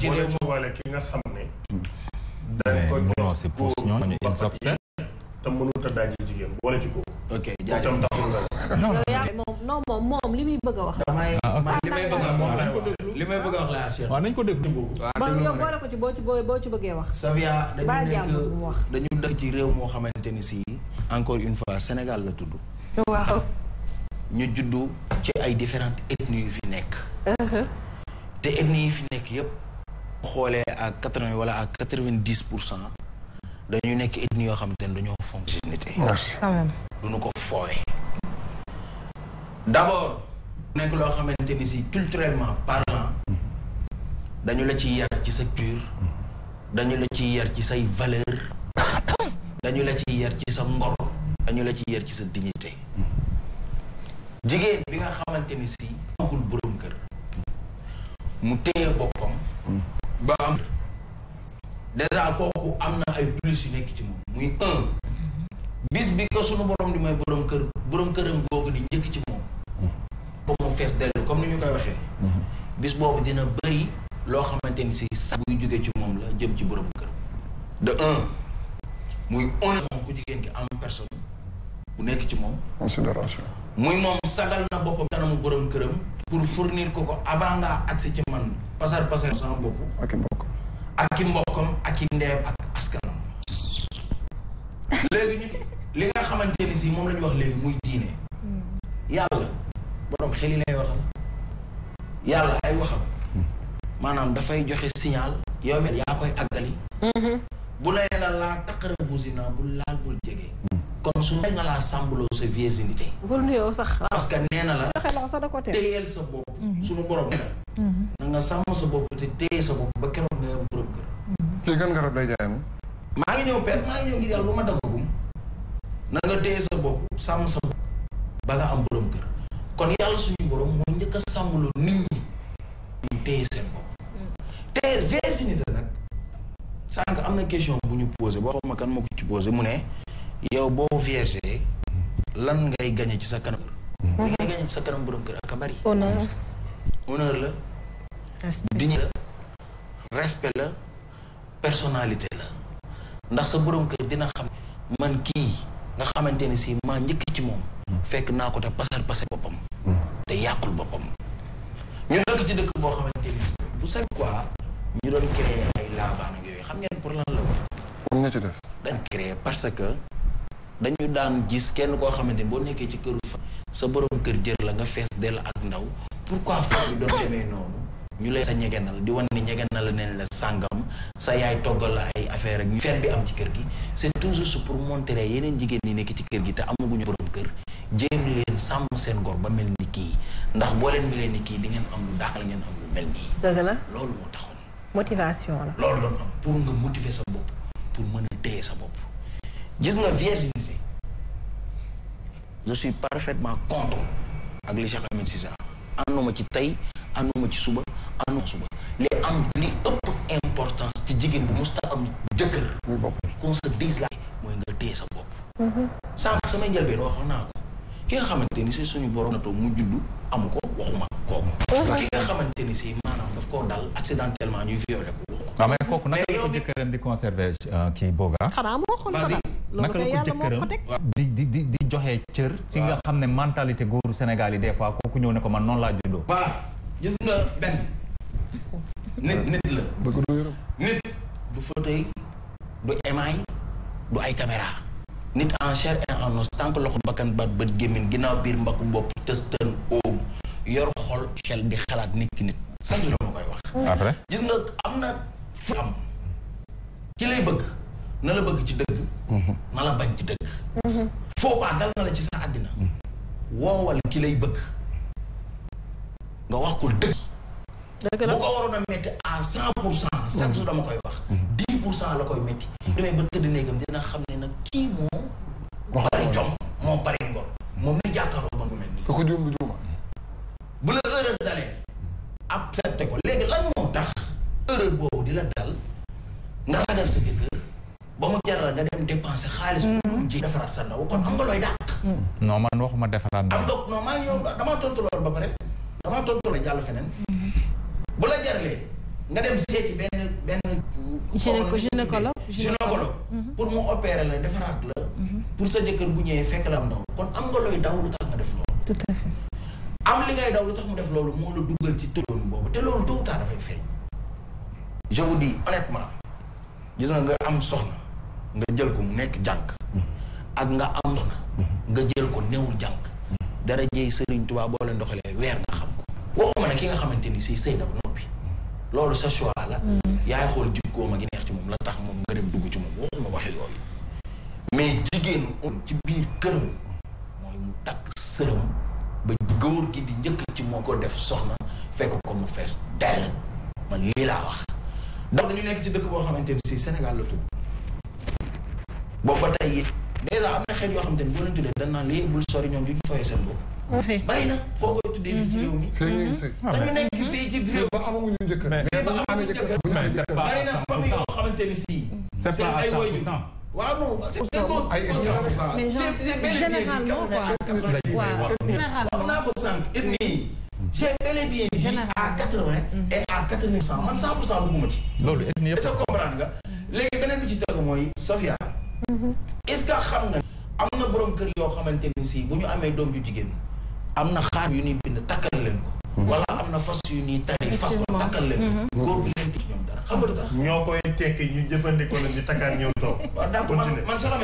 ci réew mi wala ki nga xam ne. Hmm. dañ ko jox góor ñooñu te mënut a daje jigéen boole ci kooku. ok jaajëf itam taxul nga. non non moom moom li muy bëgg a wax. damay ah, ah, man li may a wax ah, bëgg wax laa Cheikh. waaw nañ ko déglu waaw yow boole ko ci boo ci bëggee wax. Savia dañu nekk dañu dëkk ci réew moo xamante ni si encore une fois Sénégal la tudd. ñu juddu ci ay différentes ethnies yu fi nekk. Uh-huh. te ethnies yi fi nekk yëpp xoolee à quatre vingt wala à quatre vingt dix pour cent dañu nekk ethnie yoo xam te ne dañoo fonctionné tey. duñu ko foowee. d' abord nekk loo xamante ni si culturellement parlant dañu la ci yar ci sa culture dañu la ci yar ci say valeur dañu la ci yar ci sa ngor dañu la ci yar ci sa dignité jigéen bi nga xamante ni si amagul borom kër mu téye boppam ba am dèjà kooku am na ay plus yu nekk ci moom muy un bis bi ko sunu borom di mooy borom kër boroom këram googu di njëkk ci moom comme mu fees dellu comme ni ñu koy waxee bis boobu dina bëri loo xamante ni si sax buy jóge ci moom la jëm ci borom kër de un muy honneur moom ku jigéen ki am personne bu nekk ci moom considération muy moom sagal na boppam kanamu borom këram pour fournir ko ko avant nga agsi ci man pasar pasar sama bopp ak i mbokk ak i mbokkam ak i ndeem ak askanam léegi ñu li nga xamante ni si moom la ñu wax léegi muy diine hmm. yàlla boroom xel yi lay waxal yàlla ay waxam hmm. maanaam dafay joxe signal yow yaa koy àggali hmm. bu la la laa taqara bu laal bul jege kon su mel na laa sàmbaloo sa virginité. bul nuyoo sax. parce que nee na sa bopp. Mhm. suñu borom nee mhm. na. nga sàmm sa bopp te téye sa bopp ba keroog nga yor borom kër. kii mhm. na nga téye sa bopp sàmm sa bopp ba nga am borom kër. kon yàlla suñu borom moo njëkk a nit ñi ñu seen bopp. téye virginité nag sànq am na question bu ñu posé boo xam ma kan moo ko ci posé mu ne. yow boo vierge lan ngay gañe ci sa kanam li ngay gañe ci sa kanam borom kër ak a bari la dignité la respect la personnalité la ndax sa borom kër dina xam man kii nga xamante ne si maa njëkk ci moom fekk naa ko te pasar pasar boppam te yàqul boppam ñu nekk ci dëkk boo xamante ni bu sax quoi ñu doon créer ay laabaan yooyu xam ngeen pour lan la woon dañ créer parce que dañu daan gis kenn koo xamante ni boo nekkee ci këru fa sa borom kër jër la nga fees dell ak ndaw pourquoi fa bi doon demee noonu ñu lay sa ñegenal di wan ni na la neen la sàngam sa yaay toggal la ay affaire ak ñu feet bi am ci kër gi c'est toujours pour montrer yeneen jigéen ñi nekk ci kër gi te amaguñu borom kër jéem leen sàmm seen gor ba mel ni kii ndax boo leen melee ni kii di ngeen am lu dàq la ngeen am lu mel nii loolu moo taxoon motivation la loolu doon pour nga motiver sa bopp pour mën a téye sa bopp je suis parfaitement contre ak li Cheikh Ahmed Cissé ànduma ci tey ànduma ci suba ànduma suba li am li ëpp importance ci jigéen bu musta am jëkkër qu'on se dise la mooy nga dée sa bopp mm-hmm. sànq samay njëlbeen waxoon naa ko ki nga xamante ni si suñu borom natoo mu juddu amu ko waxuma kooku mm-hmm. ki nga xamante ni si maanaam daf koo dal accidentellement ñuy violé ko waxu ko waaw ah, mais kooku nag jëkkëram di conserver euh, kii booga xanaa moo xoon naka la ko jëkkëram di di di joxe cër. ci nga xam ne mentalité góoru Sénégal yi des fois kooku ñëw ne ko man noonu laa juddoo. voilà gis nga benn. nit nit la. na yërëm nit. du fauteuil du émail du ay caméra. nit en chair et en os tànk loxo bakkan baat bët gémmiñ ginnaaw biir mbakku bopp tëstan oom yor xol xel di xalaat nit ki nit. la koy wax. après gis nga am na fu am ki lay bëgg. na la bëgg ci dëgg mhm. na la bañ ci dëgg mhm. foobaa dal na la ci sa àddina mhm. woowal ki lay bëgg nga wax ko dëgg bu ko waroon a metti à cent wax dix la koy metti demee ba tëdd néegam dina xam ne nag kii moo bari jom moo bari ngor moom mi jàkkaarloo ba mu mel nii ko juum bu bu la erreur dalee accepté ko léegi lan moo tax erreur boobu di la dal nga ragal sa jëkkër ba mu jaral nga dem dépenser xaalis. Mm-hmm. ji defaraat sa ndaw kon am nga looy dàq. Mm-hmm. non man waxuma defaraat ndaw. am donc non maa ngi yow damaa tontu loolu ba pare damaa tontu la jàll feneen. Mm-hmm. bu la jaralee nga dem seeti benn benn. gynéco gynécologue gynécologue pour mu opérer la defaraat la. pour sa jëkkër bu ñëwee fekk la am ndaw kon am nga looy daw lu tax nga def loolu. tout à fait. am li ngay lu tax mu def loolu moo la duggal ci tëloon boobu te loolu tôt ou tard dafay feeñ. je vous dis gis nga nga am soxna. nga jël ko mu nekk jànk ak nga am na nga jël ko newul jànk dara jëy sëriñ Tuubaa boo leen doxalee weer nga xam ko waxuma ne ki nga xamante ni si sëy na noppi loolu sa choix la yaay xool jikkoom ak yi neex ci moom la tax moom nga dem dugg ci moom waxuma waxi yooyu mais jigéen ci biir këram mooy mu takk sëram ba góor gi di njëkk ci moo ko def soxna fekk ko mu fees dell man lii laa wax donc dañu nekk ci dëkk boo xamante ni si Sénégal la tudd boobu ba tey it dèjà am na xeet yoo xamante ni boo leen tuddee dañ naan lii bul sori ñoom ñu foyee seen bopp. bari na foo koy tuddee fii ci réew mi. dañu nekk fii ci réew. ba amaguñu njëkk mais ba amaguñu njëkk bari na famille yoo xamante ni si. c'est pas à 100% waaw non c'est bon mais généralement quoi wax naa ko sànq ethnie mm. j'ai bel et bien dit à quatre-vingt mm. et à quatre-vingt cent man cent pour cent dugguma ci loolu ethnie yëpp est-ce que comprendre nga léegi beneen bi ci tegu mooy Sofia Mm-hmm. est-ce que xam nga am na borom kër yoo xamante ni si bu ñu amee doom ju jigéen am na xaar yu ñuy bind takkal leen ko mm-hmm. wala am na fas yu ni tari fas ko ko mm-hmm. góor ñu jëfandikoo la ñu ñëw toog waaw d'accord man soxna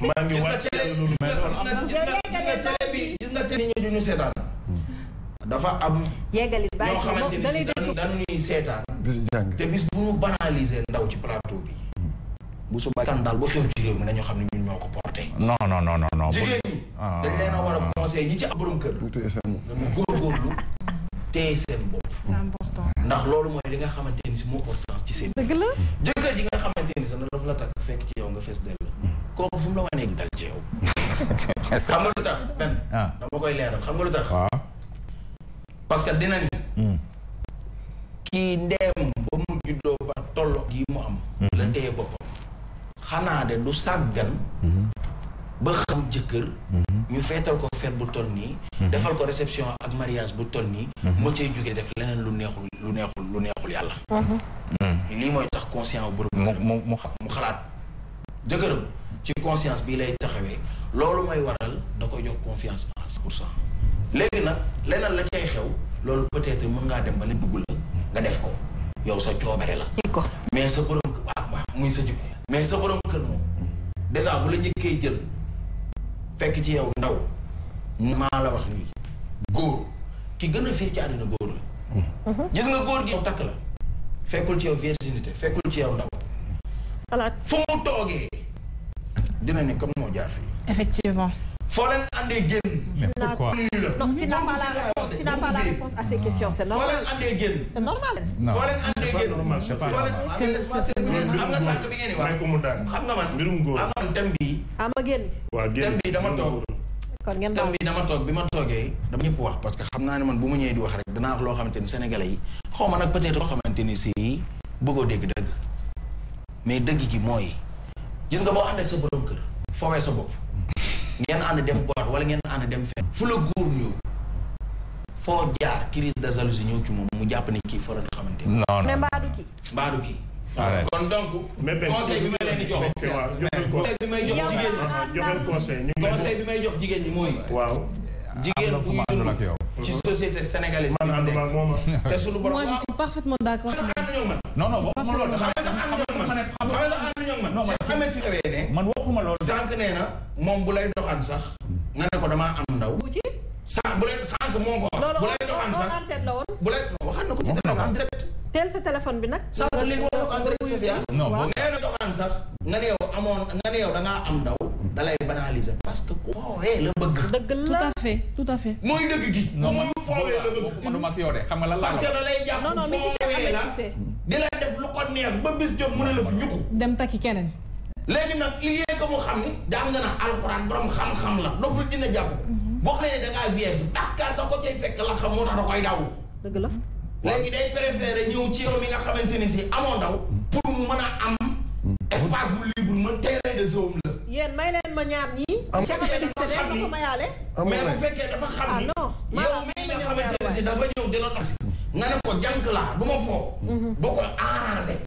Mame Cissé dafa am ñoo xamante ni te bis bu ñu banaliser ndaw ci plateau bi bu subaa scandale bu xew ci réew xam ne ñun ñoo ko porté. non non non non non. jigéen ah. a war ndax loolu mooy li nga xamante ni si moo importance ci seen. dëgg la jëkkër ji nga xamante ni sax na dafa la takk fekk ci yow nga fees dell. kooku fu la wanee dal ci yow. xam nga lu tax ah. dama koy leeral xam nga lu tax. parce que dinañ. Hmm. kii ndeem ba mu juddoo ba tollo gi mu am. Hmm. la téye boppam. xanaa de du sàggan mhm. ba xam jëkkër mhm. ñu feetal ko feet bu toll nii mhm. defal ko réception ak mariage bu toll nii mu cay jógee def leneen lu neexul lu neexul lu neexul yàlla lii mooy tax conscient bu bërëb mu xalaat jëkkëram ci conscience bii lay taxawee loolu mooy waral da koy jox confiance à cent pour cent léegi nag leneen la cay xew loolu peut-être mën ngaa dem ba la dugg la nga def ko yow sa coobare la mais sa borom ah, waaw muy sa jikko mais sa borom kër moom dèjà bu la njëkkee jël fekk ci yow ndaw maa la wax lii góor ki gën a fii ci àddina góor la mm-hmm. gis nga góor gi yow takk la fekkul ci yow virginité fekkul ci yow ndaw fu mu toogee dina ne comme moo jaar fii effectivement foo leen andee génn. mais pourquoi non si n'a pas la réponse si n'a pas la réponse à ces questions c'est normal. foo leen andee génn. c'est normal. non c'est pas normal c'est pas normal. c'est c'est am nga sànq bi ngeen di wax. xam nga man mbirum góor amoon thème bi. ah ma génn. waaw génn thème bi dama toog. kon ngeen thème bi dama toog bi ma toogee. dama ñëpp wax parce que xam naa ne man bu ma ñëwee di wax rek danaa wax loo xamante ni sénégalais yi xaw ma nag peut-être loo xamante ni si bëggoo dégg dëgg mais dëgg gi mooy gis nga boo ànd ak sa borom kër foowee sa bopp ngeen ànd dem boîte wala ngeen ànd dem fenn fu la góor ñëw foo jaar crise de jalousie ñëw ci moom mu jàpp ne kii faral xamante non non mais mbaadu kii mbaadu kii kon donc conseil bi may leen di jox conseil bi may jox jigéen ñi conseil bi may jox jigéen ñi mooy waaw jigéen ku ñu ci société sénégalaise te suñu borom moi je suis parfaitement d'accord non non waxuma loolu xam nga man waxuma loolu nee na moom bu lay doxaan sax nga ne ko damaa am ndaw. sànq bu lay sax bu lay waxaan na ko ci dara en direct. teel sa téléphone bi nag. sànq léegi wax na ko en sax nga ne yow amoon nga ne yow da am ndaw. da lay banaliser parce que ku foowee la bëgg. tout à fait tout à fait. mooy dëgg gi. non man foowee la bëgg. man du ma ak yow de xam nga lan la. parce que da lay jàpp foowee la di la def lu ko neex ba bis jot mu ne la fi ñuku. dem takki keneen. léegi nag il y que mu xam ni jàng na alxuraan borom xam-xam la doful dina jàpp mhm. boo xëyee da ngaa vierge Dakar da ko cay fekk la xam moo tax da koy daw. dëgg la léegi day préféré ci yow mi nga xamante ni si amoo ndaw pour mu mën a am. Mhm. espace bu libre ma terrain de zone la. yéen may ma ñaar ñii. am dafa xam ni mais bu fekkee dafa xam ah ni. yow mi nga xamante ni si dafa ñëw dina tas. nga ne ko jànk laa du ma foo. Mhm. bu ko arrangé.